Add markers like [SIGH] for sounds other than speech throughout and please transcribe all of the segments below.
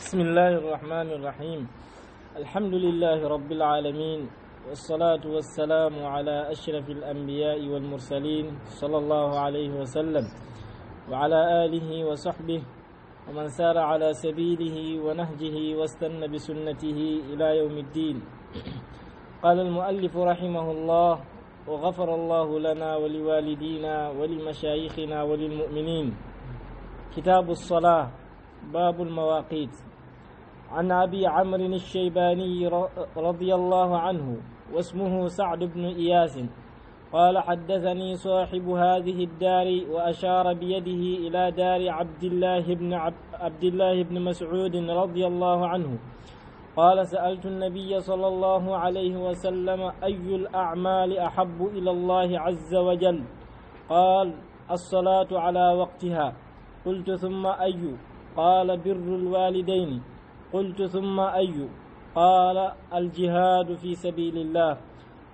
بسم الله الرحمن الرحيم الحمد لله رب العالمين والصلاة والسلام على أشرف الأنبياء والمرسلين صلى الله عليه وسلم وعلى آله وصحبه ومن سار على سبيله ونهجه واستنى بسنته إلى يوم الدين قال المؤلف رحمه الله وغفر الله لنا ولوالدينا ولمشايخنا وللمؤمنين كتاب الصلاة باب المواقيت عن أبي عمرو الشيباني رضي الله عنه واسمه سعد بن إياس قال حدثني صاحب هذه الدار وأشار بيده إلى دار عبد الله بن عبد الله بن مسعود رضي الله عنه قال سألت النبي صلى الله عليه وسلم أي الأعمال أحب إلى الله عز وجل قال الصلاة على وقتها قلت ثم أي قال بر الوالدين قلت ثم أي قال الجهاد في سبيل الله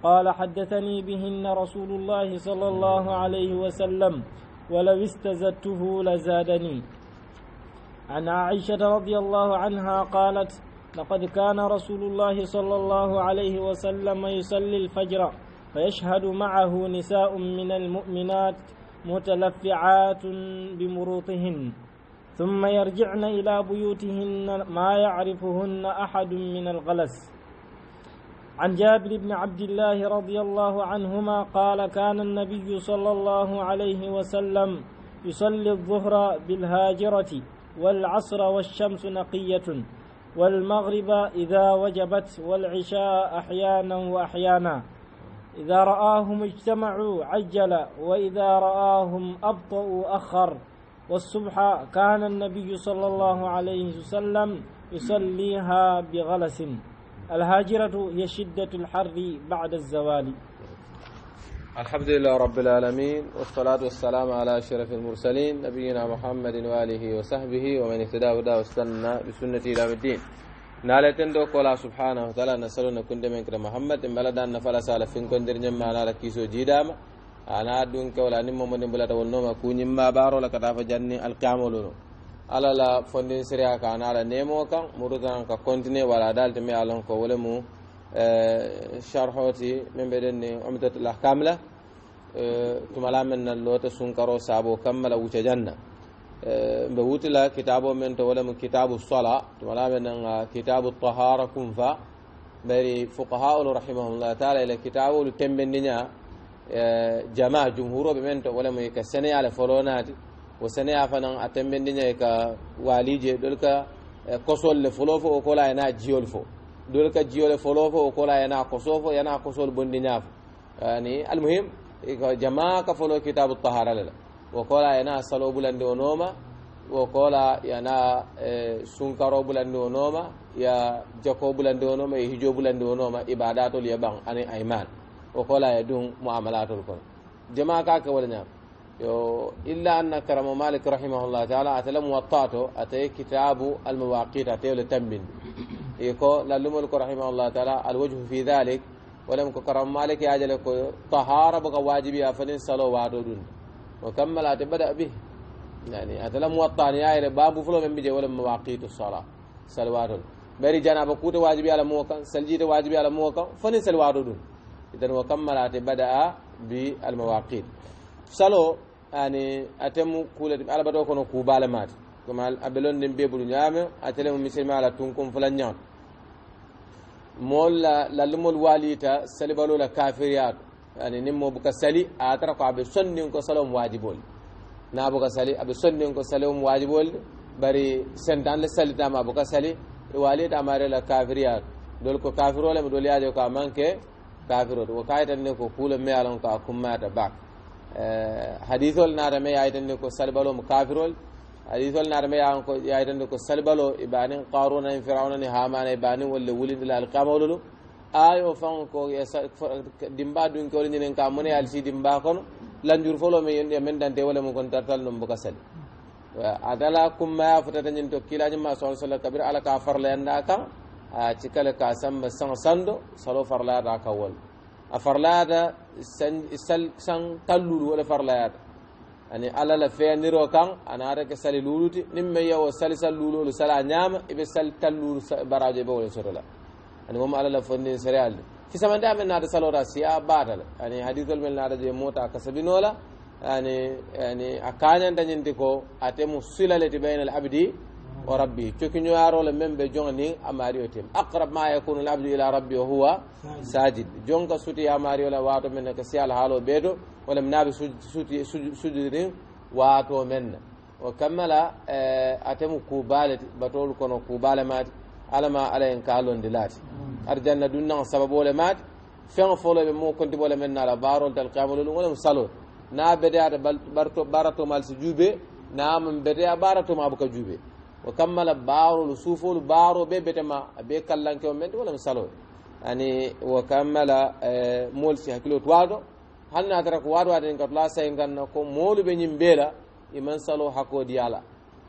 قال حدثني بهن رسول الله صلى الله عليه وسلم ولو استزدته لزادني عن عائشة رضي الله عنها قالت لقد كان رسول الله صلى الله عليه وسلم يصلي الفجر فيشهد معه نساء من المؤمنات متلفعات بمروطهن ثم يرجعن إلى بيوتهن ما يعرفهن أحد من الغلس عن جابر بن عبد الله رضي الله عنهما قال كان النبي صلى الله عليه وسلم يصلي الظهر بالهاجرة والعصر والشمس نقية والمغرب إذا وجبت والعشاء أحيانا وأحيانا إذا رآهم اجتمعوا عجل وإذا رآهم أبطأوا أخر والصبح كان النبي صلى الله عليه وسلم يصليها بغلس الهاجرة هي شدة الحر بعد الزوال الحمد لله رب العالمين والصلاة والسلام على أشرف المرسلين نبينا محمد وآله وصحبه ومن اهتدى وداه واستنى بسنة إلى الدين نالتن دو قولا سبحانه وتعالى نسألنا كنت من محمد إن بلدان نفلا سالفين كندر رجم معنا لكيسو جيداما أنا أدون كولا نمو من بلا تقول نوما كوني ما بارو لك تافا جاني القاملون ألا لا فندين سريا كان على نيمو كان مرتان كونتيني ولا دال تمي ألون كولمو آه، شرحوتي من بدني أمتة الله كاملة ثم لا من اللوت سنكرو سابو كملا وش جنة آه، بوت لا كتابو من تولم كتاب الصلاة ثم لا من كتاب الطهارة كنفا بري فقهاء رحمهم الله تعالى إلى لتم بندنيا jama jumhuroɓe men to wala moy ka sénéyale folonati wo sénéya fanan a tembendinay ka walije ɗol ka kosol le folo fo o kola yana jiyol fo ɗol ka jiyole folo fo o kola yana koso fo yana kosol bondiña fo ani almuhim jama ka folo kitabu tahara lela wo kola yana salo bulande o nooma wo kola yana sunkaro bulande o nooma ya jako bulande o nooma e hijo bulande o nooma ibadatol ye ɓan ani ayman وفلا يدوم معاملات الكون جماعة كولنا يو إلا أن كرم مالك رحمه الله تعالى أتلم وطاته أتي كتاب المواقيت أتي لتنبين يكو للم رحمه الله تعالى الوجه في ذلك ولم كرم مالك يعجل طهارة بك واجبي أفنين صلو وعدودون وكمل أتبدأ به يعني أتلم وطاني آير باب فلو من بجي ولم مواقيت الصلاة صلوات بري جانا بكوت واجبي على موكا سلجيت واجبي على موكا فنين صلوات إذن وكمل أتي بدأ بالمواقيت سلو يعني أتم كولة على بدو كونو كوبال مات كما أبلون دم بيبلو نعم أتلم مثل ما على تنكم فلان نعم مول للمول واليتا سلبلو لكافريات يعني نمو بك سلي أتركو أبي سنين كو سلوم واجبول نابوك سلي أبي سنين كو سلوم واجبول بري سنتان لسلي تاما بك سلي واليتا ماري لكافريات دول كو كافرولم دول ياجو كامان كي kafirol wo kayitande ko kuule me alon ko kummata bak hadisol naata me yayitande ko salbalo mo kafirol hadisol naata me yahan ko yayitande ko salbalo ibanin qaruna en firawna ni hamana e banin wolle wulindila ay o fan ko dimba dun kewol ñinen ka mone alsi dimba kono lanjur folo me yonɗi men dante wala mo kon tartal ɗum boka sali atala kummaya fotata ñin to kilañima sa sallam kabir ala ka farlayannda kan a cikale ka samba san sando salo farlada a kawol a farlayata san tallulu wole farlayata ani alla la feyaniro kan anata ke sali luluti nin me yewo sali sal lulolu sala a ñama iɓe sali tallulu barajo ɓe wole sotola ani mom alla la fondin sere alde fisamande amen naata salota siya batala ani hadisol men naata je mota a kasabinola ani ani a kañantañinti ko atemu silaleti baynal abdi وربي تكنيو يارو لمن بجوني أماريو أقرب ما يكون العبد إلى ربي وهو ساجد جونك سوتي أماريو لواتو من كسيال حالو بيدو ولم نابي سوتي سجدين واتو من وكمل أتم كوبالة بطول كونو كوبالة مات على ما على إنكالون دلاتي أرجعنا دون سببو لمات فين فولو بمو كنت بولا من على بارول تلقيام ولم صلوا نا bede بارتو barto barato mal si juube na am bede wo kammala baarolu suufolu baaro be betema be kallanke kallankewo mente wala mi salo ani wo kammala moolu si hakkilo to waato hanne a tara ko waato waaten ka la say ganna ko moolu be ñin beela iman salo hakkodi ala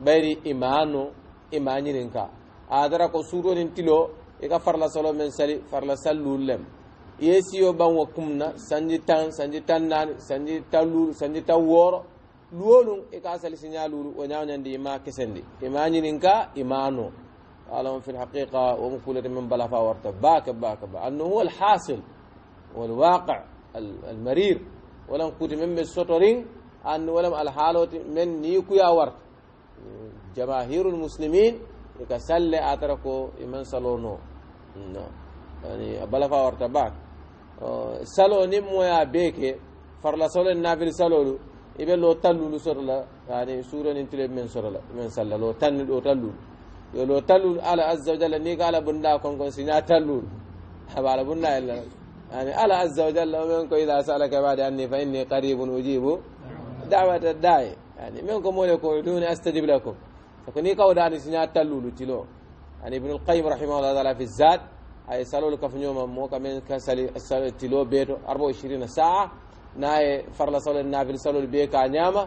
ɓayri imano ima ñinin ka a tara ko suutonin tilo i ka farla salo men sali farla sallul lem ye siyo ɓan wo kumna sanji tan sanji tan naani sanji tan sanji tan wooro لولون إكاسل سينال لولون ونعند إما كسندي إيمان ينكا إيمانو قالهم في الحقيقة ومقولة من بلا فاورت باك باك باك أنه هو الحاصل والواقع المرير ولم كنت من السطرين أنه ولم الحالة من نيكويا ورت جماهير المسلمين يكسل أتركو إيمان سلونو نعم يعني بلا فاورت باك سلوني مويا بيكي فرلا سولن نافل سلولو تلول سر لا يعني سورة suronintile من سر لا من سر لا لو tallulu لو تلول لو تلول على عز وجل ni على بندا bunda كون سينا تلول هب على bunda إلا يعني على عز وجل ومنكم إذا سألك بعد أني فإني قريب أجيب دعوة الداعي يعني منكم مولكم ادعوني أستجيب لكم فكني قول عن سينا تلول تلو يعني ابن القيم رحمه الله تعالى في الزاد أي سألوا لك في يوم موكا من كسل تلو بيتو 24 ساعة ناي فرلا سول النافل سول البيكا نياما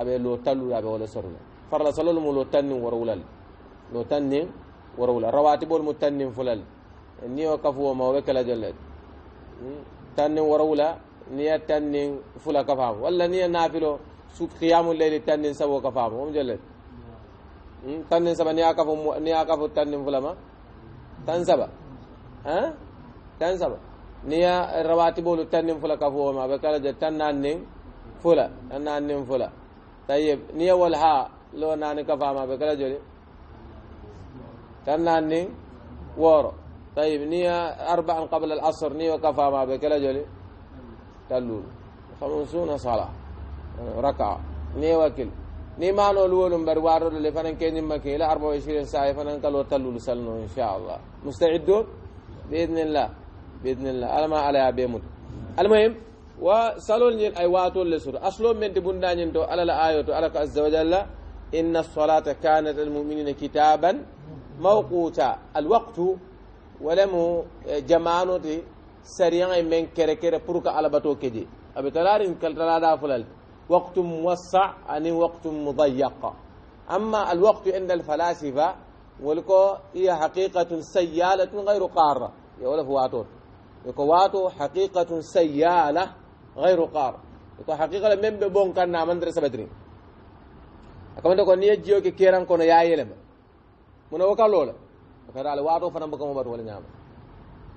ابي لو تلو ابي ولا سرنا فرلا سول مو لو تن ورولل لو تن ورولل رواتب المتن فلل نيو كفو ما وكلا جلد تن ورولا نيا تن فلا كفام ولا نيا نافلو سوق قيام الليل تن سبو كفام ام جلد تن سبا نيا كفو نيا كفو تن فلما تن سبا ها تن نيا الرواتب ولو تنم فلا كفوه ما بكرة جتنا نم فلا نم فلا طيب نيا والها لو نان كفاه ما بكرة جري تنا نم وار طيب نيا أربعة قبل العصر نيا وكفاه ما بكرة جري تلول خمسون صلاة ركعة نيا وكل ني ما نو لو لو مبروارو لو فنان كيني ما كيلا 24 ساعه فنان كلو تلول سلنو ان شاء الله مستعدون باذن الله باذن الله على ما على بيمون المهم وصلون نيل اي واتو لسر اصلو من دبوندا نين تو على الايه تو على عز وجل ان الصلاه كانت المؤمنين كتابا موقوتا الوقت ولم آه، جمانوتي سريان من كركره برك على باتو كجي ابي تلارين كالتلا تلادا فلال وقت موسع اني وقت مضيق اما الوقت عند الفلاسفه ولكو هي حقيقه سياله غير قاره يولف واتو يقواتو حقيقة سيالة غير قار يكو حقيقة من ببون كان نامن درس بدرين أكمل تقول نية جيو كي كيران كون يا لما من وكا لولا وكذا على واتو فنا بكم مبر ولا نعم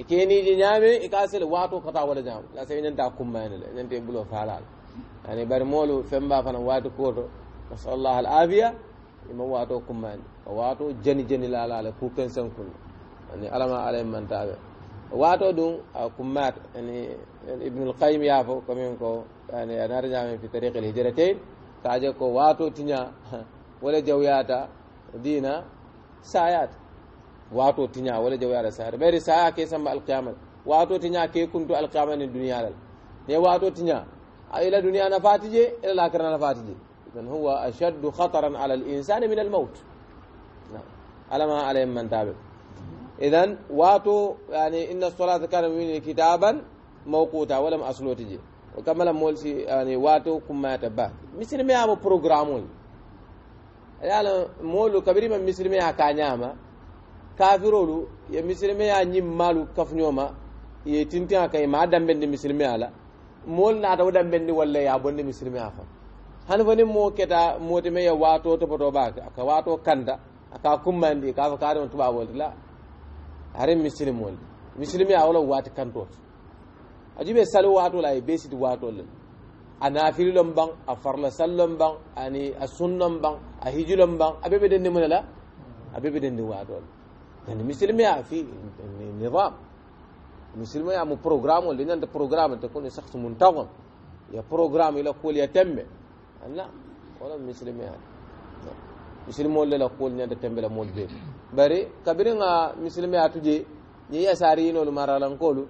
إكيني جي نعمي إكاسل واتو خطا ولا نعم لا سيين أنت أكم ما ينل أنت بلو فعلال يعني برمولو فنبا فنم واتو كورو نسأل الله العافية ima واتو kummani o waato jani jani laalaale ku kensen kunno ani alama من تابع واتو دو كمات يعني ابن القيم يافو كم ينكو يعني انا رجع من في طريق الهجرتين تاجكو واتو تنيا ولا جوياتا دينا سايات واتو تنيا ولا جوياتا سايات بيري سايا كي سمع القيامة واتو تنيا كي كنتو القيامة الدنيا لل ني واتو تنيا إلى دنيا نفاتي إلى الآخرة نفاتي إذن هو أشد خطرا على الإنسان من الموت نعم. ألم عليهم من تابعه idan wato yani inna salata kana min kitaban mawquta walam asluti je kamala molsi yani wato ta ba misir me programme programu yala molu kabirima misilme ha ka ñama kafirolu misir me ya malu kafnyoma ye tintin kay ma misir me ala moolu naata wo dambendi walla ya bondi misilme a fam hani fo ni moo keta ya wato waato topoto ba ka waato kanta aka kummandi ka k'a kaadema tubabolti la harin muslim wol muslimi a wala wati kantot ajibe salo wato la be siti wato len a nafililon ban a farla sallon ban ani a sunnon ban a hijilon ban abe be dende munala abe be dende wato yani muslimi a fi nizam muslimi a mu programme wol nanta programme ta kun shakhs muntagham ya programme ila kul ya temme la wala muslimi a muslimi wol la kul nanta temme la mol be bari kabirin a misilme atu je ñi yasari yinolu maralankolu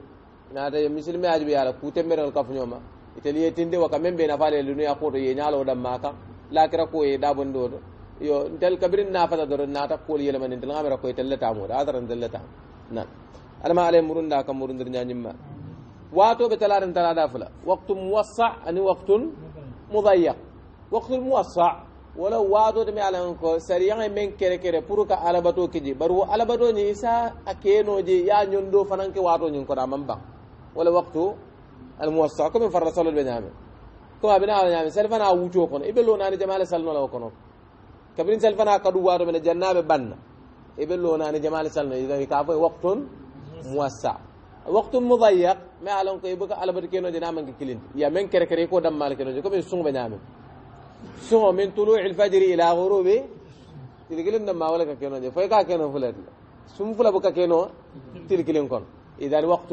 nata misilme aji ɓe ala kutemberol kafuñoma itali ye tinde wa waka na fale nafale lunuya koto ye nyalo ñalo ɗamma kam lakira ko ye ɗabondi oto yo ntel kabirin nafata doro nata kool yelemani ntel gamira koye telletamuɗo adara ntelletama nan alama ale murunda kam murundir ñañimma watoɓe talaɗen talaɗa fula waktu muwassa ani waktun mudayyak waktul muwassa wala waado de mi ala ko sariyan men kere kere pour ka alabato kiji baru alabato ni sa akeno je ya nyondo fanan ke wato nyin ko da mamba wala waqtu al muwassa ko min farra sallu benyamin ko abina ala nyamin salfana wuto kono ibe lo nani jamaal sallu la kono kabrin salfana kadu waado men jannabe banna ibe lo nani jamaal sallu idan ka fa waqtun muwassa waqtun mudayyiq ma ala ko ibe ka alabato keno je naman ke kilin ya men kere kere ko dammal keno je ko min sungu benyamin سو من طلوع الفجر الى غروبه تلكلن ما ولك كينو دي فاي كينو فلات سم فلا بك كينو تلكلن كون اذا وقت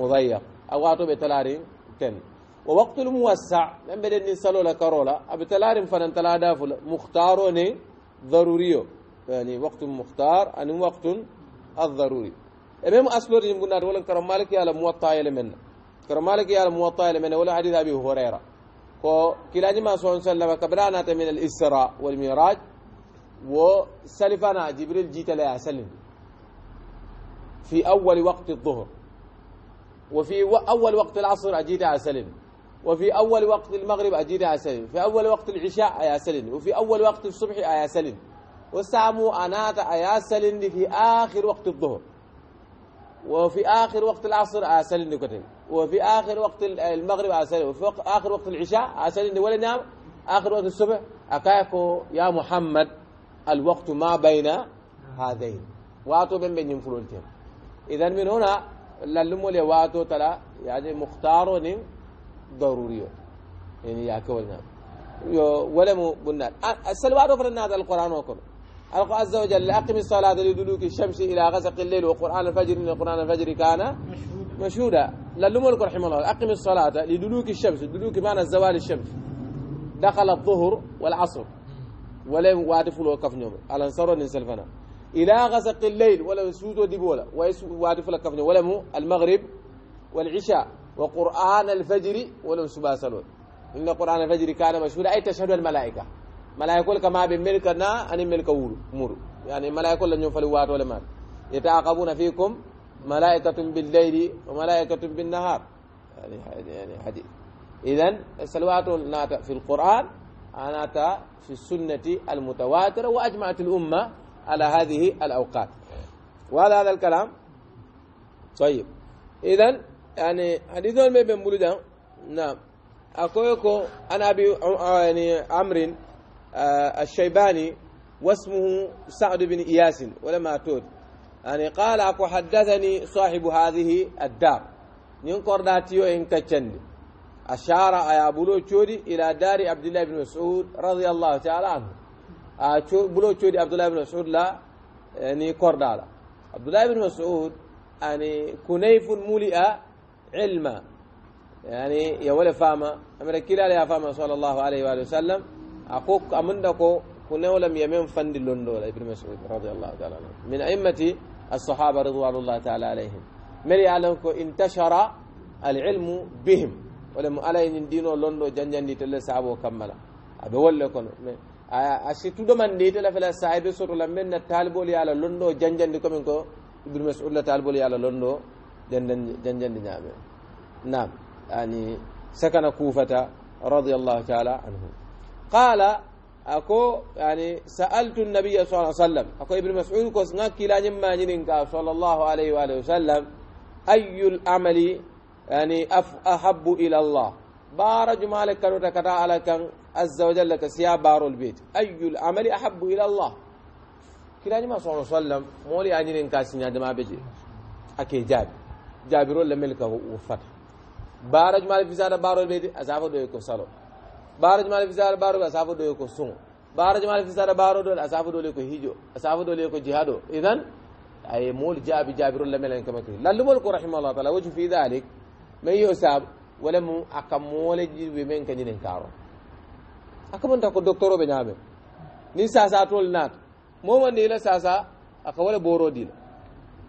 مضيق اواتو بتلاري تن ووقت الموسع لم بدن نسلو لا كارولا ابتلار فنن تلا دافل مختارو ني ضروريو يعني وقت مختار ان وقت الضروري امام اسلور جنبنا ولا كرم مالك يا موطا يلمن كرم مالك يا موطا يلمن ولا حديث ابي هريره ko kilanima son sallama kabiranata min من الإسراء والميراج miraj جبريل salifana jibril سلم في أول وقت الظهر وفي أول وقت العصر أجيدها سلم وفي أول وقت المغرب أجيدها سلم في أول وقت العشاء أيا سلم وفي أول وقت الصبح أيا سلم وسامو أنات أيا سلم في آخر وقت الظهر وفي آخر وقت العصر أسل كتير وفي آخر وقت المغرب أسل وفي آخر وقت العشاء أسل ولا نام آخر وقت الصبح أكاكو يا محمد الوقت ما بين هذين واتو بين بين فلولتين إذا من هنا للمو لي واتو تلا يعني مختار نم ضروري يعني يا كولنا يو ولا مو بنات السلوات فرنا هذا القرآن وكله الله عز وجل أقم الصلاة لدلوك الشمس إلى غسق الليل وقرآن الفجر إن قرآن الفجر كان مشهودا للملك رحمه الله أقم الصلاة لدلوك الشمس دلوك معنى زوال الشمس دخل الظهر والعصر ولم وادف وقف كف على انصار نسلفنا الى غسق الليل ولا سود وديبولا وادف لو كف ولا المغرب والعشاء وقران الفجر ولم سباسلون ان قران الفجر كان مشهودا اي تشهد الملائكه malaikol kama ɓe melka na anin melka wuru muru yani malaikol la ñum fali waatole maɓe yetaqabuna fikum malaikatum billeyli wa malaikatum binnahar yani yani hadis idan salawatu naata fi lquran anata fi sunnati almutawatira wa ajmaat lumma ala hadihi alawqat وهذا هذا الكلام طيب إذن yani حديثون ما بين بلدان نعم أكويكو أنا أبي yani عمرو آه، الشيباني واسمه سعد بن إياس ولما تود يعني قال أكو حدثني صاحب هذه الدار ينقر داتيو إن كتشند أشار يا بلو تشودي إلى دار عبد الله بن مسعود رضي الله تعالى عنه آه، بلو تشودي عبد الله بن مسعود لا يعني آه، كوردالا عبد الله بن مسعود يعني كنيف ملئ علما يعني يا ولا فاما امرك كلا يا فاما صلى الله عليه وآله وسلم أقول أمن دكو كنا ولم يمن فند لندو ابن مسعود رضي الله تعالى عنه من أئمة الصحابة رضوان الله تعالى عليهم من يعلم كو انتشر العلم بهم ولم على إن دينو لندو جن دي تلا سعبو كملا أبي ولا أشي تدو من دي تلا فلا سعيد سر لمن التالبو لي على لندو جن دي كمين كو ابن مسعود التالبو لي على لندو جن جن جن دي نعم نعم يعني سكن كوفة رضي الله تعالى عنهم قال أكو يعني سألت النبي صلى الله عليه وسلم أكو ابن مسعود كوسنا كلا نما نينكا صلى الله عليه وآله وسلم أي العمل يعني أف أحب إلى الله بار جمالك كانوا تكتا على كان عز وجل كسيا بار البيت أي العمل أحب إلى الله كلا نما صلى الله عليه وسلم مولي أنين كاسين دما بيجي أكي جاب جابر ولا ملكه وفتح بار جمالك في زاد بار البيت أزعفه دويكو صلى الله baroji mala fisara baroɗo a safoɗoye ko sugo baroji mala fisara baroɗon a safoɗole ko hiijo a safoɗole ko jihaɗo idan aye mool jaabi jaabirolla melen kama kiri lallumol ko rahimahullah taala waju fi dalik min yo saab wala mu aka moole jiɓe men kañinen kaaro akamanta ko docteur oɓe ñaamen ni sasa tol naata momandila sasa aka wala borodila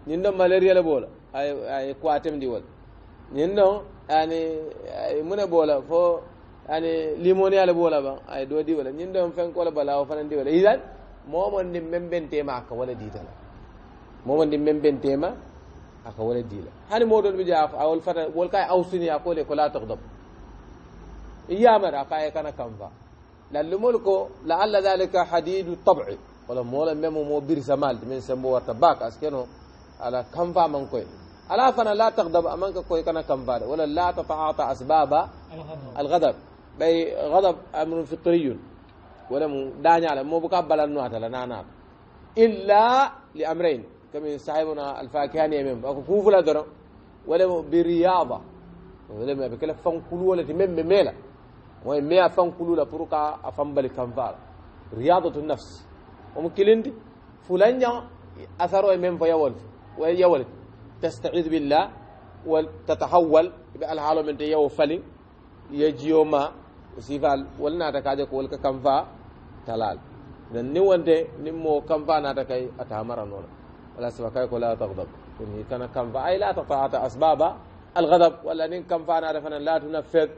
ñin ɗon malaria le boola ay ay kuwatemdi wala ñin ɗon yani mune boola fo ani limoni ala bola ba ay do di wala ñin dem fen ko la bala o fanan di wala idan momon ni memben tema ka wala di tala momon ni memben tema aka wala di la hani modol bi jaaf awol fata wol kay awsini ko le ko la taghdab iyamara fa ay kana kamva lallumol ko la alla dhalika hadidu tab'i wala mola memo mo bir samal min sembo warta bak askeno ala kamva man koy ala fana la taghdab amanka koy kana kamva wala la tataata asbaba al ghadab بي غضب امر فطري ولم داني على مو بقى بلا نواتا لنا نار إلا لأمرين كم صاحبنا الفاكهاني يمين أكو فوف لا درو ولم برياضة ولم بكل فن كلو ولا تمم ميلا وين ميا فان كلو لا فرقا أفان بالي كنفار رياضة النفس ومكلند فلان أثروا يمين فيولف ويولف تستعيذ بالله وتتحول بألحالة انت تيو فلي يجيو sifal wol naata kaaje ko wol ka kanfa talal dan ni wonte nin mo kanfa naata kay ata mara noona wala saba kay ko la tagdab koni kana kanfa ay la tataata asbaba algadab walla nin kanfa naata fana la tunaffed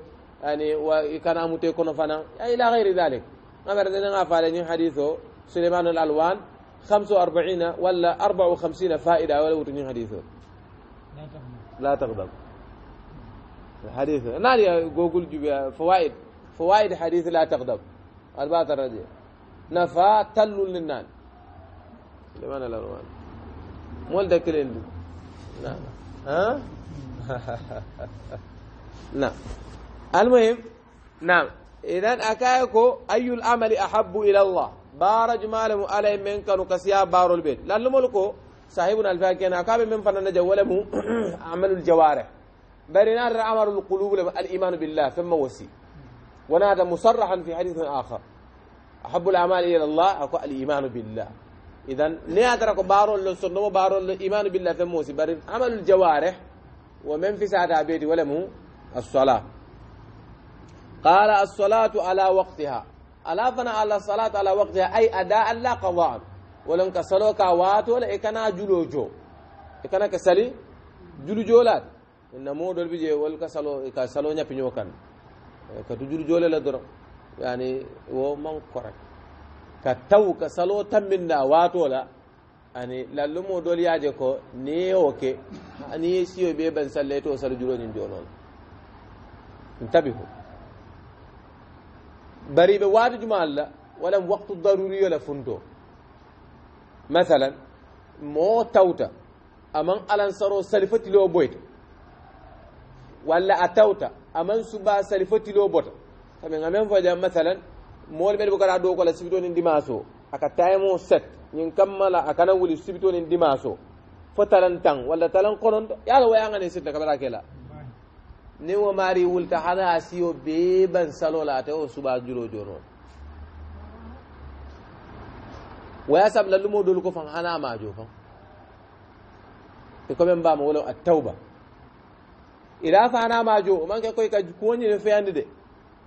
yani wa kana mute kono fana ay ila gayri dalik amara dana nga faale ñin hadis o suleiman al alwan 45 walla 54 faida wala wutu ñin hadis o la tagdab hadis naani gogul juɓe fawaid فوائد حديث لا تغضب الباط الرديع نفا تل للنان لمن الألوان مولد كل نعم ها نعم [LAUGHS] المهم نعم إذن أكايكو أي العمل أحب إلى الله بارج ماله عليه من كانوا كسيا بارو البيت لأنه ملكو صاحبنا الفاكين أكاب من فنان جوله [CLEARS THROAT] عمل الجوارح برنا عمل القلوب الإيمان بالله ثم وسي ونادى مصرحا في حديث آخر أحب الأعمال إلى الله أكو الإيمان بالله إذا نيادرك بارو للسنة سنو بارو الإيمان بالله موسى بر عمل الجوارح ومن في سعد عبيد ولم الصلاة قال الصلاة على وقتها ألا فنا على الصلاة على وقتها أي أداء لا قضاء ولن كسلو كوات ولا إكنا جلوجو إكنا كسلي جلوجولات إنما دول بيجي ولكسلو كسلو نيا نوكان كتجر جول لدرم يعني ومن قرن كتو كسلو تمنا واتولا يعني للمو دول ياجكو نيوكي أني يسيو بيبن سليتو سلجرون جولون انتبهوا بري بواد جمال لا ولم وقت ضروري ولا فندو مثلا مو توتا أمان ألان سرو سلفت لو بويت ولا أتوتا aman suba sali fo tilo bota kamen amen fo jam masalan moolu ɓeɗe bokata dow kola sibito nin dimanche o aka taymo set ñin kammala akana wuli sibito nin dimanche o fo talan tan walla talan kononto yala wayangani sitta kaɓata kela nin wo maari wulta hana a siyo bee ban salola ate o suba julo jonon waya sabla lumo dolu ko fan hana majo fan e commen mbama wolo a tawba ila majo man ka koy ka ne feyande de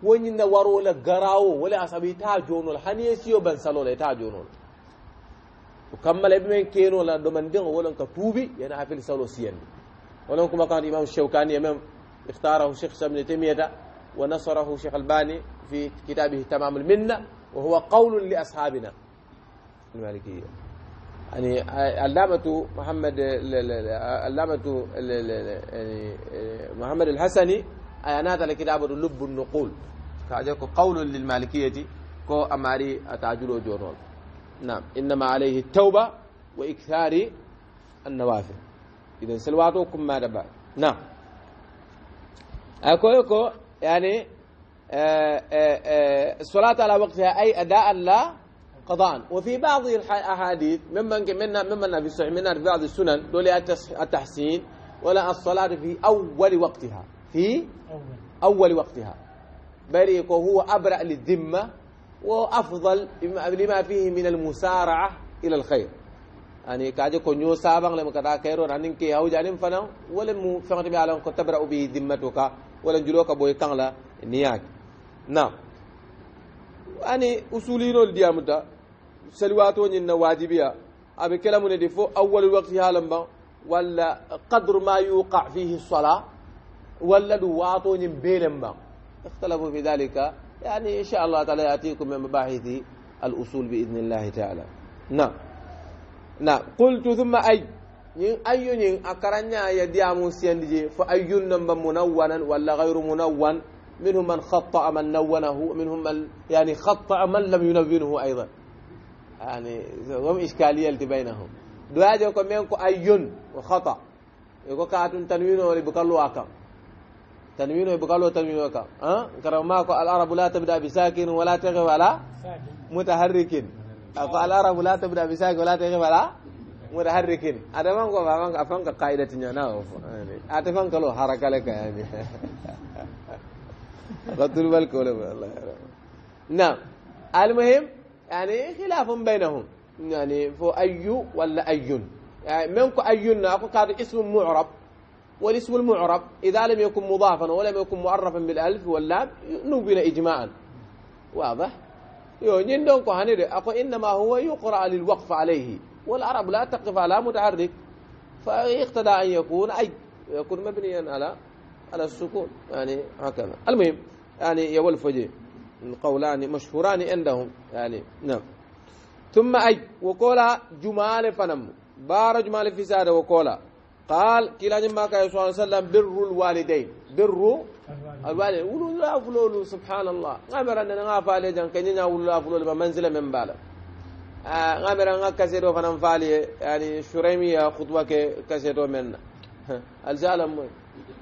woni na waro la garawo wala asabi ta jonol hani siyo ban le ta jonol ko kammale be men keno la do man ɗomandego wolon ka tuubi yana hafil salo siyen siyande ولن كما كان الإمام الشوكاني يمام اختاره شيخ ابن تيمية ونصره شيخ الباني في كتابه تمام المنة وهو قول لأصحابنا المالكية يعني علامة محمد علامة يعني محمد الحسني لكي الكتابة لب النقول كأجاكو قول للمالكية كو أماري أتعجلو جونول نعم إنما عليه التوبة وإكثار النوافل إذا سلواتكم ما دبا نعم أكو يكو يعني آه، آه، آه، الصلاة على وقتها أي أداء لا قضاء وفي بعض الأحاديث ممن منا ممن في بعض السنن دول التحسين ولا الصلاة في أول وقتها في أول وقتها بل هو أبرأ للذمة وأفضل لما فيه من المسارعة إلى الخير يعني كاجي كونيو سابان لما كذا كيرو رانين كي هاو جانم فنا ولا مو فهمت بي تبرأ به ذمتك ولا جلوك بوي كان لا نياك نعم يعني أصولي رول ديامتا سلواتو نينا واجبيا ابي كلامو ندي فو اول الوقت حالم لمبا ولا قدر ما يوقع فيه الصلاه ولا دواتو نين بيلم اختلفوا في ذلك يعني ان شاء الله تعالى ياتيكم من مباحث الاصول باذن الله تعالى نعم نعم قلت ثم اي نين نعم، اي نين نعم. اكرانيا يدي امو سيندي فاي نمبا منونا ولا غير منون منهم من خطأ من نونه منهم من يعني خطأ من لم ينونه ايضا يعني هم إشكالية التي بينهم دواجه يكون منكو أيون وخطأ يقول كاتون تنوينه اللي بقلوا أكم تنوينه بقلوا تنوينه أكم أه؟ ماكو العرب لا تبدأ بساكن ولا تغيب على متحرك العرب لا تبدأ بساكن ولا تغيب على متحرك هذا ما نقول نعم، فهمك أفهمك قاعدة تنيانا يعني أتفهمك لو حركة لك يعني رد البال كله والله نعم المهم يعني خلاف بينهم يعني فو أي ولا أي يعني منكم أينا أقول هذا اسم معرب والاسم المعرب إذا لم يكن مضافا ولم يكن معرفا بالألف واللام نوبل إجماعا واضح يونين دونكو أقول إنما هو يقرأ للوقف عليه والعرب لا تقف على متحرك فيقتدى أن يكون أي يكون مبنيا على على السكون يعني هكذا المهم يعني يولف وجهه القولان مشهوران عندهم يعني نعم ثم أي وقولا جمال فنم بار جمال في سادة وقولا قال كلا جمع كي صلى الله عليه وسلم بر الوالدين بر الوالدين ولو لا فلولو سبحان الله غمر أننا غافا لجان كنينا ولو لا فلولو بمنزل من بالا آه، غامر أننا كسيرو فنم فالي يعني شريمية خطوة كسيرو من الجالة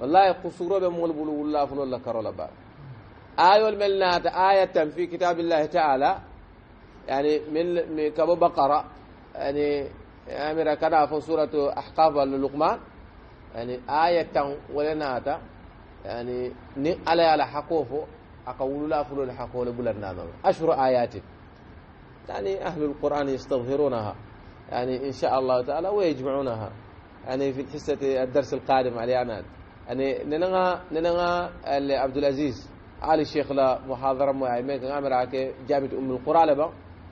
والله قصورو بمول بلو ولا فلولو كرو لبالا آية الملنات آية في كتاب الله تعالى يعني من كبو بقرة يعني أمير كنا في سورة أحقاف اللقمان يعني آية ولنات يعني نقل على حقوف حقوفه أقول لا فلو الحقوف لبلنا أشهر آيات يعني أهل القرآن يستظهرونها يعني إن شاء الله تعالى ويجمعونها يعني في حصة الدرس القادم على يعني ننغى ننغى عبد العزيز علي شيخ لا محاضرة معي من كان عمر عاكي جامعة أم القرى لبا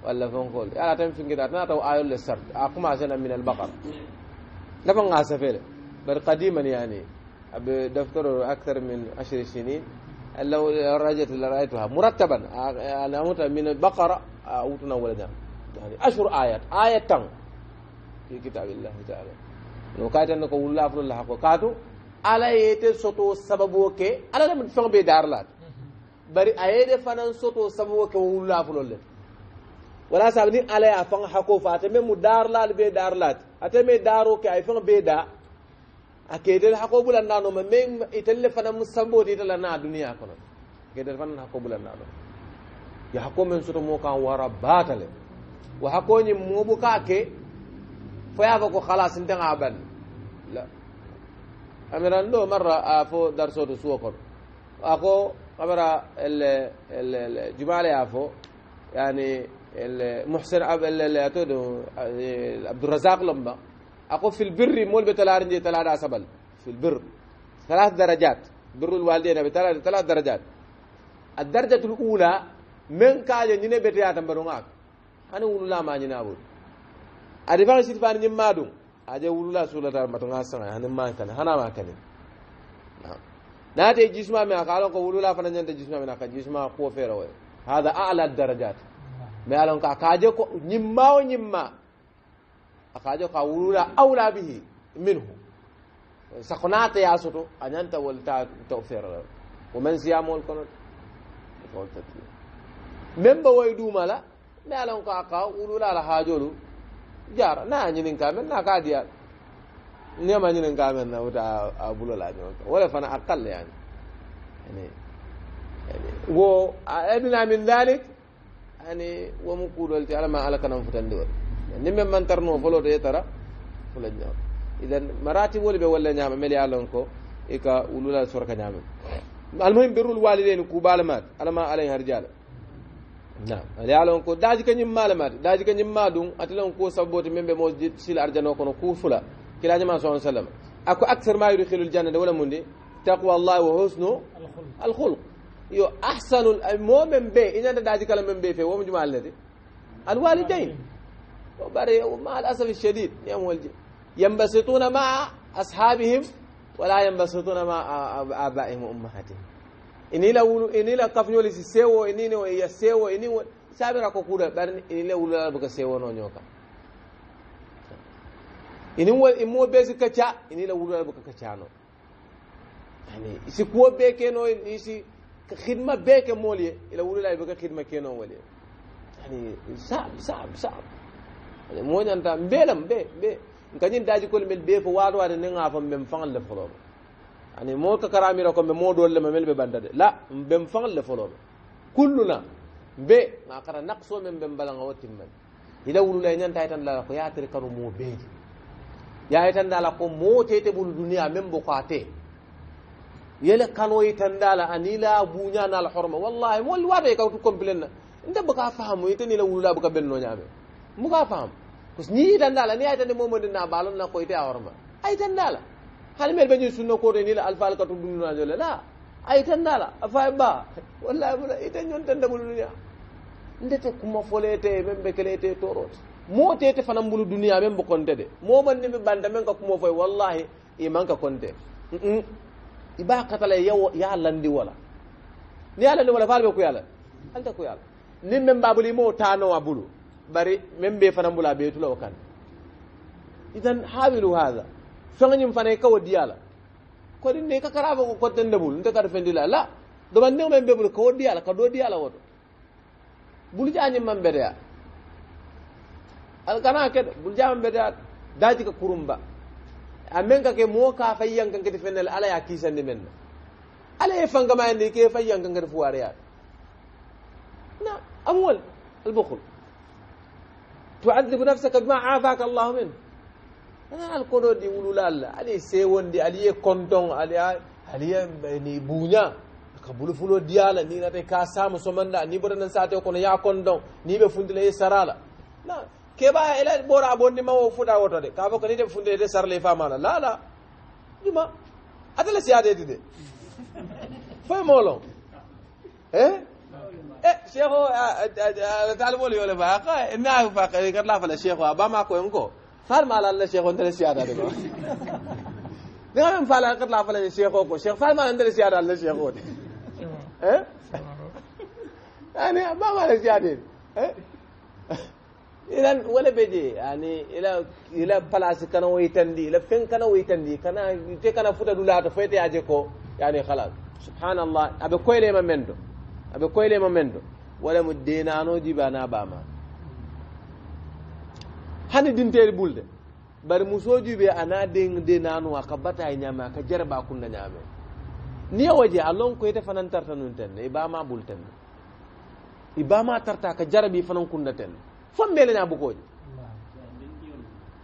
ولا فون قول يا راتم فين كده أنا تو آيل السر أقوم عزنا من البقر لما نعاس فيله بل قديما يعني بدفتر أكثر من عشر سنين لو رجعت اللي رأيتها مرتبا أنا أموت من البقرة أوتنا ولدا يعني أشهر آيات آيات تم في كتاب الله تعالى لو كانت أنك أقول الله أفضل الله حقه كاتو على يتي سطو سببوكي على من فهم بيدار لات bari da fanan soto sabugo lafulon wullafulolle wala sabu ni ala ya fan hako fa ate me mu daarlaal be a ate me daaro ke ay fan be da a keetel hako ma me itelle fana mu sabooti itala na duniya ke keetel fanan hako nano ya hako men soto mo kan wara baatale wo hakoñin mubu ka ke foya ka ko halas nteŋa banni la amiran ɗo marra a fo darsoto suwa kono ako قبر الجمال يافو يعني المحسن أب يعني عبد الرزاق لمبا أقول في البر مول دي تلارا سبل في البر ثلاث درجات بر الوالدين بتلار ثلاث درجات الدرجة الأولى من كاجا نيني بتياتا بروناك أنا أقول لا ما نينابو أدفع سيفان نيمادو أجا أقول لا سولة ماتونغاسا أنا يعني ما كان أنا ما كان نعم ناتي جسمه من قالوا قولوا لا فنان جسمه من قال جسمه قوه فيروي هذا اعلى الدرجات ما قالوا كاجو نيما ونيما akajo ka wurula awla bihi minhu sakonata ya soto anyanta wolta tawfera o men siyamol kono woltati men ba way dumala me alon ko aka wurula ala hajolu jara na nyinin ka men na ka diya نيما نين كامل نوتا أبولو لا نيوكا ولا فانا أقل يعني يعني يعني و أدنى من ذلك يعني ومقول والتي على ما على كلام فتندور يعني نيما من ترنو فلو ترى فلو نيوكا إذا مراتب ولا بولا نياما ملي ألونكو إيكا ولولا سوركا نياما المهم بر الوالدين كوبالمات على ما عليها رجال نعم ليالون كو داجي كنيم مالمات داجي كنيم مادون اتلون كو سبوت ميمبي موجد سيل ارجانو كونو كوفلا كلا جماعة صلى الله عليه وسلم أكو أكثر ما يدخل الجنة ولا مندي تقوى الله وحسن الخلق يو أحسن المؤمن به إن أنت دعتي كلام من به في ومن جمع الذي الوالدين وبري مع الأسف الشديد يا مولجي ينبسطون مع أصحابهم ولا ينبسطون مع آبائهم وأمهاتهم إني لا إني لا قفني ولا سيو إني ويا سيو إني أكو كورة بار إني لا ولا بكسيو نونيوكا inin wa in mo be su kacha ini la wuro la buka kacha no ani isi kuwa be ke no isi khidma be ke moliye ila wuro la buka khidma ke no wale ani sab sab sab ani mo nyanta belam be be ngani daji ko mel be fo wadu wadu ne ngafa mem fangal le folo ani mo ka karami ra ko be mo dolle ma mel be banda de la mem fangal le folo kulluna be ngakara naqso mem be balanga wotimmal ila wuro la nyanta itan la ko yaatir kanu mo beji yayitanda ala ko motete ɓol duniya men bo ko ate yele kanoyi tandala anila buñanala horma wallahi mo walli wato e kawtu complain na nde boka faamu itenila wulula boka ɓenno ñaame mboka faamu parce que ni yitandala ni ayitande momode na balon na ko koyte a horma ayitandala hani mel be ñin sunna koto nila alfa alkatu jole la ayitandala a fa ba wallahi mula ite ñontande ɓol duniya ndete kuma folete men ɓe kelete torote moo teete fana mbulu duniya men mbo konte de moo man ni mi banta men ka kumo foy wallahi i manka konte i ba katala yaw ya landi wala ni ya landi wala faalɓe ku yala alta ku yala nin men mbabuli moo taano a bulu bari men be fana mbula ɓeetula o kan idan hawilu hada soñañim fana e kawo diyala kodi ne ka karaba ko kotten de bulu nte kata fendila la domanndi men be bulu kawo diyala ka do diyala woto buluja ñim man ɓedeya alkana kede buljaman beda dati ka kurumba amen ka ke mo ka fayyan kan kete fenel ala ya kisan ni menna ala e fanga ma ni ke fayyan kan kete fuware ya na amwal البخل تعذب نفسك بما عافاك الله منه أنا الكونو دي ولو لا لا علي سيون دي علي كونتون علي علي ني بونيا kabulu fulo diyala ni nate ka samu somanda ni bodan sate ko ya kondon ni be fundile e sarala na keba keɓa bora ɓora ma wo fuɗa woto de ka fo ko funde de fundede fa famala la la juma atala siyadede de foye molon eh e cheikh o talimolu yole fa ka na fa ka ka la fala cheikh o a bama koyen ko farma ala la cheikh o ntele siyada de ma ga fa la ka la fa la shekho ko shekho farma ala ntele siyada alla la shekho de eh e yani bama ala siyadede eh ilan wala beje ani ila ila place kana tandi, ila fen kana tandi, kana te kana futa dula to fete aje ko yani khalas subhanallah abe koyle ma mendo abe koyle ma mendo wala mu no jibana bama hani dintere bulde bari muso be ana den denano aka bata nyame ka jarba kunda nyame ni waje alon ko yete fanan tartanun e ibama bulten ibama tarta ka jarabi fanan na tan فمبيل نابو كوج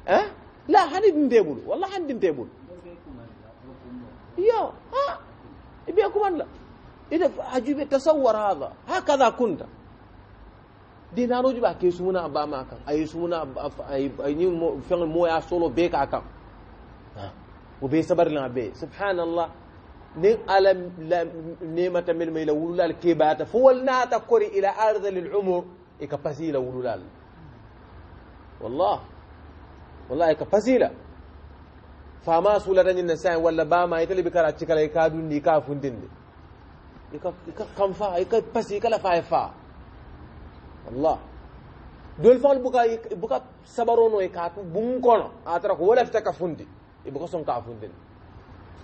أه؟ لا هني دين تيبول والله هني دين تيبول يا ها يبيكم الله إذا عجيب تصور هذا هكذا كنت dinaroji ba ke sumuna ba ma kan ayi sumuna ayi ni fɛn mo ya solo be ka kan o be sabari na be subhanallah ni ala nemata mel mai la wululal ke bata fo wal na ta kori ila ardh al umur e ka pasi la wululal والله والله كفسيلة فما سولا رنجن النساء ولا ما يتلي بكرا تشكلا يكادون دي كافون دين دي يكا خمفا يكا بسي يكا لفايفا والله دول فال بكا بكا سبرونو يكاتو بونكون اترك ولا فتك فوندي يبقى سون كافوندين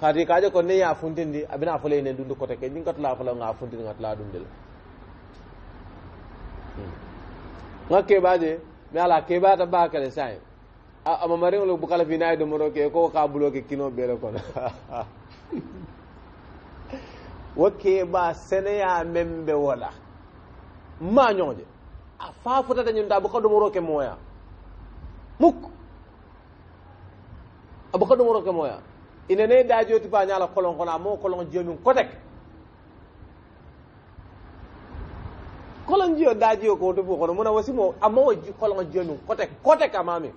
خاري كاجا كوني نيا فوندين دي ابنا فلي نين دوندو كوتك دي كاتلا فلا غا فوندين غاتلا دوندل كي baje mais ala keɓata bakale saye ama mariŋolu bukala finayi domoro ke ko ka bulo ke kino bele kono [LAUGHS] wo keba seneya men be wola ma ñoje a fa futata ñunta buka domoro ke moya muk a buka domoro ke moya inene dajoti fa ñala kolon kono a mo kolon jomin kotek kolon jiyo da jiyo ko to na muna wasimo amma waji kolon jenu kote kote kamami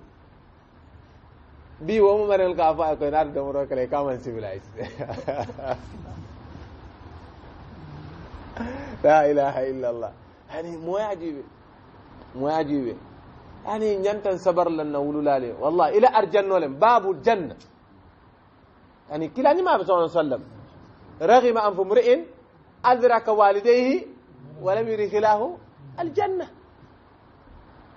bi wo mo marel ka fa ko nar da moro kale kaman civilized la ilaha illa allah hani mo yajibe mo yajibe يعني nyantan sabar lan ولولا لي والله ila arjanno lem babu janna يعني kilani ma بس sallallahu alaihi wasallam وسلم رغم أنف امرئ أدرك والديه ولم يرث له الجنه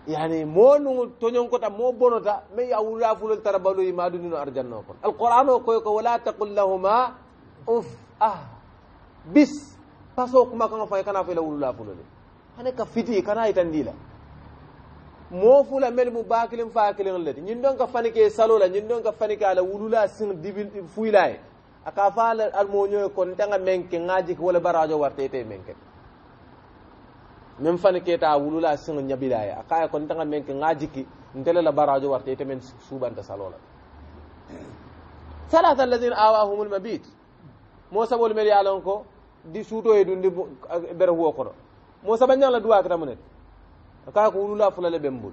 يعني مو mo bonota mais ya wulla fulol tara baloyi ma dunino arjanna o kon alquran o koy ko wala taqul lahuma uf ah bis paso kuma kanga fay kana fela wulla fulole hane ka fiti kana itandila mo fula mel mu bakilin fa kilin lati ñin don ka fanike salola ñin don ka fanike ala wulula sin dibil fuylay aka fa al moñoy kon tanga menke min fani ta wulula singa ñabila ya a kaya ko tanga men ke ngaji ki ndele la barajo warta te men suɓanta salola salata alladina awahumul mabit mo sabol mel lon ko di e dundi eh, ber wo ko mo saban nyala duwa kita munet a kaya ko wulula fulale bembul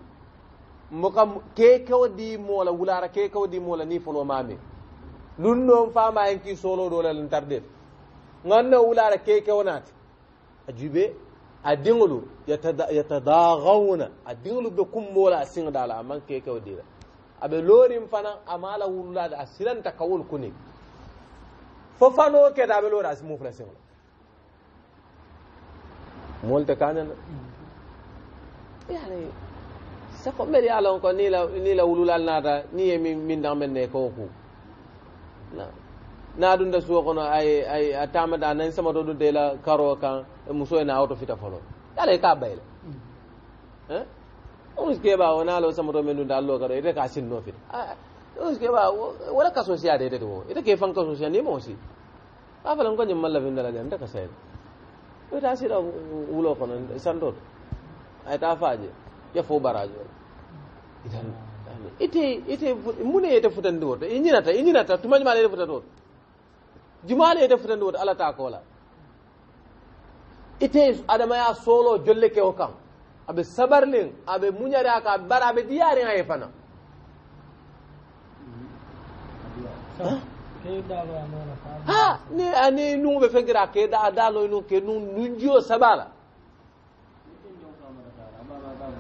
mo kam ke kewo di mola wulara ke kewo di mola ni folo mame ɗum ɗon fama en ki solo ɗolal ntarde ganno wulara ke kewo naati ajibe. adinglu yatadaghawna adinglu be kummola asinga dala aman ke ke a abe lorin fana a amala wulla da asilan takawul kuni fo fano ke da abe lora asimu fula singa molta kanan yani sako mberi alon ko ni la ni la na da ni e min min dan men ne kawo ku na ɗum da suwa kono ay ay a nan sama samato ɗum la karo kan muso na auto fita folo yala ka bayle mm. eh? on ba wona lo samato menu da lo karo ite ka sinno fita on ba wala kaso da ita do ite ke fan kaso siya mo si ba falan ko ñim malla findala jam ndeka sayde ita siɗa ulo kono santoto ai ta faje ya fo baraje itan ite ite mune yete futandi woto i ñinata i ñinata ma le futan do jumaale ite futandi woto ala ta kola ite adamaya solo jolle ke o kan aɓe sabarlin aɓe muñare ka bara aɓe diyarin a fana ha ni ani nuŋ ɓe fenkira ke da daloy nuŋ ke nuŋ nunjiyo sabala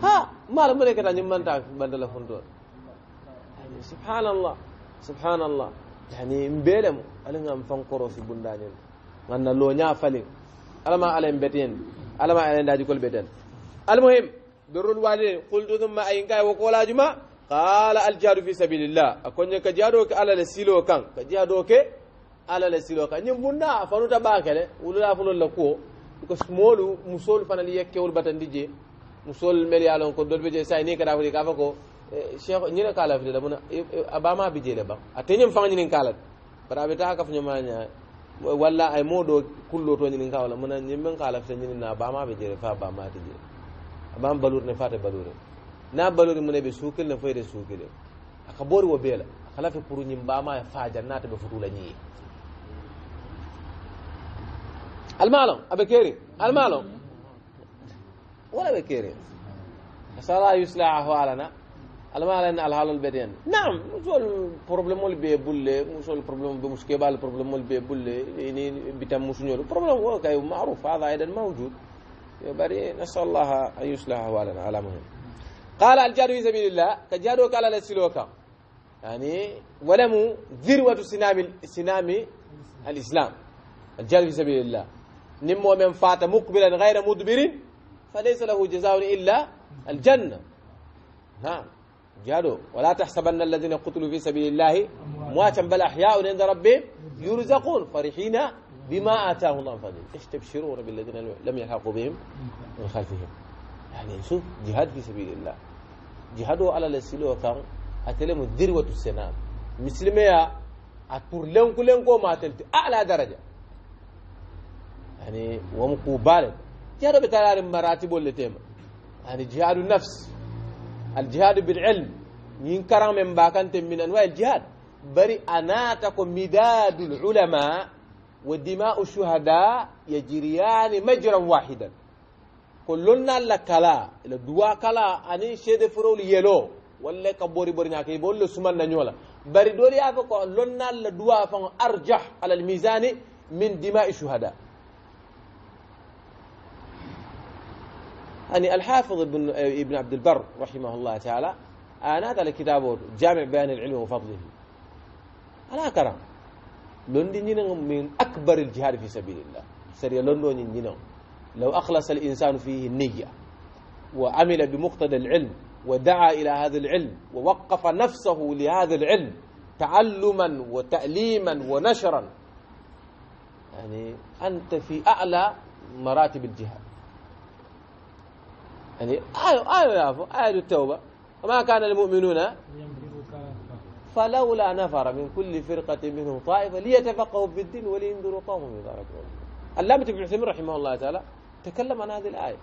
ha mala mune keta ñimmanta bandala funtoon subhanallah subhanallah yani mbele mu ala ngam fan koro su bundani nganna lo nya fali alama ala mbeten alama ala ndaji kol beten almuhim birrul walidain qultu thumma ayin kay wa qala juma qala al jihadu fi sabilillah akonye ka jihadu ke ala le silo kan ka jihadu ke ala le silo kan nyum bunda fanuta bakale ulula fulol la ko ko smolu musol fanali yekke ul batandije musol mel yalon ko dolbe je say ni kada fuli ka fa ko cheikh ñine kala fi la mun abama bi jele ba atenyen fa ñine kala bara be ta ka fu ñomanya walla ay moɗo kulloto ñinin ka walla muna ñimmen ka alafta ñinin na bamaɓe jeere fa bamati jeere abam balure ne fata balure na balure mune ɓe suukil ne foyde suukile aka boori wo beela aka lafi pour ñim bama e faja naata ɓe futula ñiye almalon aɓe keeri almalon wala ɓe keeri asala yuslaha ho alana المال ان الحال البدن نعم مشو البروبليم مول بي بول مشو البروبليم بي مشكي بال البروبليم مول بي بول ني بيتام مشو نيو البروبليم هو كاي معروف هذا ايضا موجود يبري نسال الله ان يصلح احوالنا على مهم قال الجار في سبيل الله تجارو قال لسلوكا يعني ولم ذروة سنام سنام الاسلام الجار في سبيل الله نمو من فات مقبلا غير مدبر فليس له جزاء الا الجنه نعم جالو ولا تحسبن الذين قتلوا في سبيل الله مواتا بل احياء عند ربهم يرزقون فرحين بما اتاه الله من فضله ايش تبشرون بالذين لم يلحقوا بهم من خلفهم يعني شوف جهاد في سبيل الله جهاده على السلو وكان اتلم الذروه السنام مسلميا اتور لنكو لنكو ما تلت اعلى درجه يعني ومقبال جهاد بتعلم مراتب ولا تيم يعني جهاد النفس الجهاد بالعلم من كرام من باكنت من أنواع الجهاد بري أناتكم مداد العلماء ودماء الشهداء يجريان مجرا واحدا كلنا لكلا لدوا كلا أني شيد فرول يلو ولا كبوري برنا كي بول سمن نجولا بري دوري أفكو لنا لدوا فان أرجح على الميزان من دماء الشهداء يعني الحافظ ابن ابن عبد البر رحمه الله تعالى أنا هذا الكتاب جامع بيان العلم وفضله أنا كرم لندن من أكبر الجهاد في سبيل الله سري لندن لو أخلص الإنسان فيه النية وعمل بمقتضى العلم ودعا إلى هذا العلم ووقف نفسه لهذا العلم تعلما وتأليما ونشرا يعني أنت في أعلى مراتب الجهاد يعني آيو آيو يافو آيو التوبة وما كان المؤمنون فلولا نفر من كل فرقة منهم طائفة ليتفقهوا في الدين ولينذروا قومهم إذا رجعوا اللامة بن عثيمين رحمه الله تعالى تكلم عن هذه الآية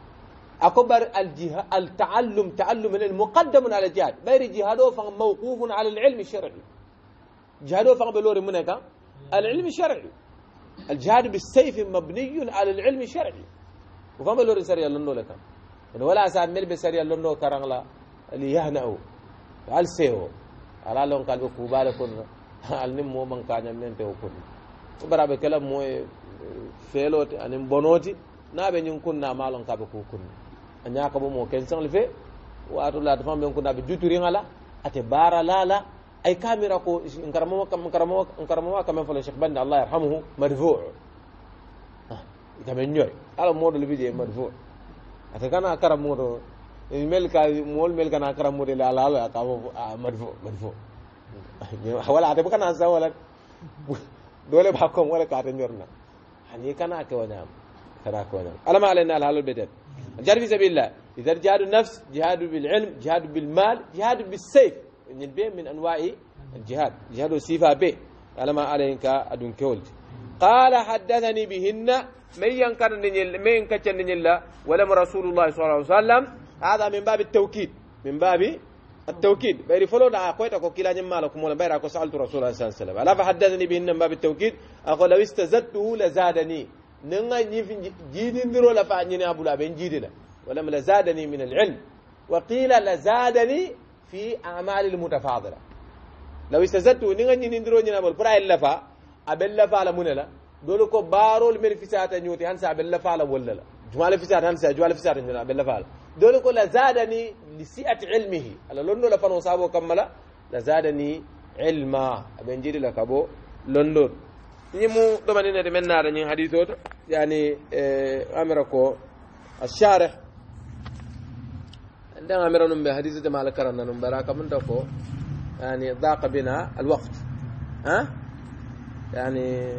أكبر الجه التعلم تعلم العلم مقدم على الجهاد جهاد فهم موقوف على العلم الشرعي جهاد فقط بلور منك العلم الشرعي الجهاد بالسيف مبني على العلم الشرعي وفهم بلور سريع لنولك ene wala sa mel ɓe sariya lonno karangla li yahna o al sewo ala lon kan ɓe kuɓale konno alnin moman kañam men te o konno o baraɓe kela moye feelote anin bonoti naɓe ñin kunna malon kaɓe ku kunna a ñaka bo mo ken sangle fe wato lata fam ɓen kunna ɓe jutoriŋala ate bara lala ay kamira ko nkaramowa kamen folo cheikh bande allah yarhamuhu marfou kamen ñoy ala moɗo lebije marfou أتكلم أكرم مودو الملك مول ملك أنا أكرم مودي لا لا لا كابو مدفو مدفو حوالا أتبقى نازا ولا دولة بحكم ولا كاتن جورنا هني كنا أكوانام كنا أكوانام ألا ما علينا لا لا بدر جارب سبيل الله إذا جهاد النفس جهاد بالعلم جهاد بالمال جهاد بالسيف من بين من أنواع الجهاد جهاد سيفا بي ألا ما علينا كأدون كولد قال حدثني بهن من ينكر من ينكر الله ولم رسول الله صلى الله عليه وسلم هذا من باب التوكيد من باب التوكيد بيري فلو دعا كويتا كو كلا جمع لكم ولا بيرا كو سألت رسول الله صلى الله عليه وسلم ألا فحدثني بهن من باب التوكيد أقول لو استزدته لزادني نغا نعم، جيدين درو لفا نيني أبو لا بن جيدنا ولم لزادني من العلم وقيل لزادني في أعمال المتفاضلة لو استزدته نغا نعم، جيدين ندرو نيني أبو لابين abella fala munela dole ko barol min fisata nyoti hansa abella fala wallala jumala fisata hansa jumala fisata nyoti abella fala dole ko la zadani li si'ati ilmihi ala londo la fano sabo kammala la zadani ilma aben jiri la kabo londo ñimu ɗomanine de men naata ñin hadis to yani amira ko asharih nden amira num ɓe hadise de mala karanna num ɓara kamunta ko yani يعني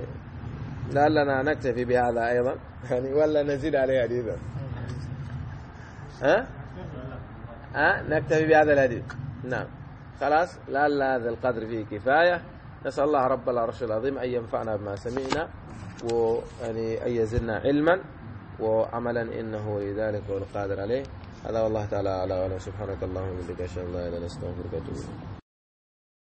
لعلنا نكتفي بهذا أيضا يعني ولا نزيد عليه حديثا ها؟ ها؟ نكتفي بهذا الحديث نعم خلاص لعل هذا القدر فيه كفاية نسأل الله رب العرش العظيم أن ينفعنا بما سمعنا ويعني أن يزدنا علما وعملا إنه لذلك هو القادر عليه هذا والله تعالى على وعلى سبحانك اللهم وبحمدك أشهد أن لا إله إلا أنت أستغفرك وأتوب إليك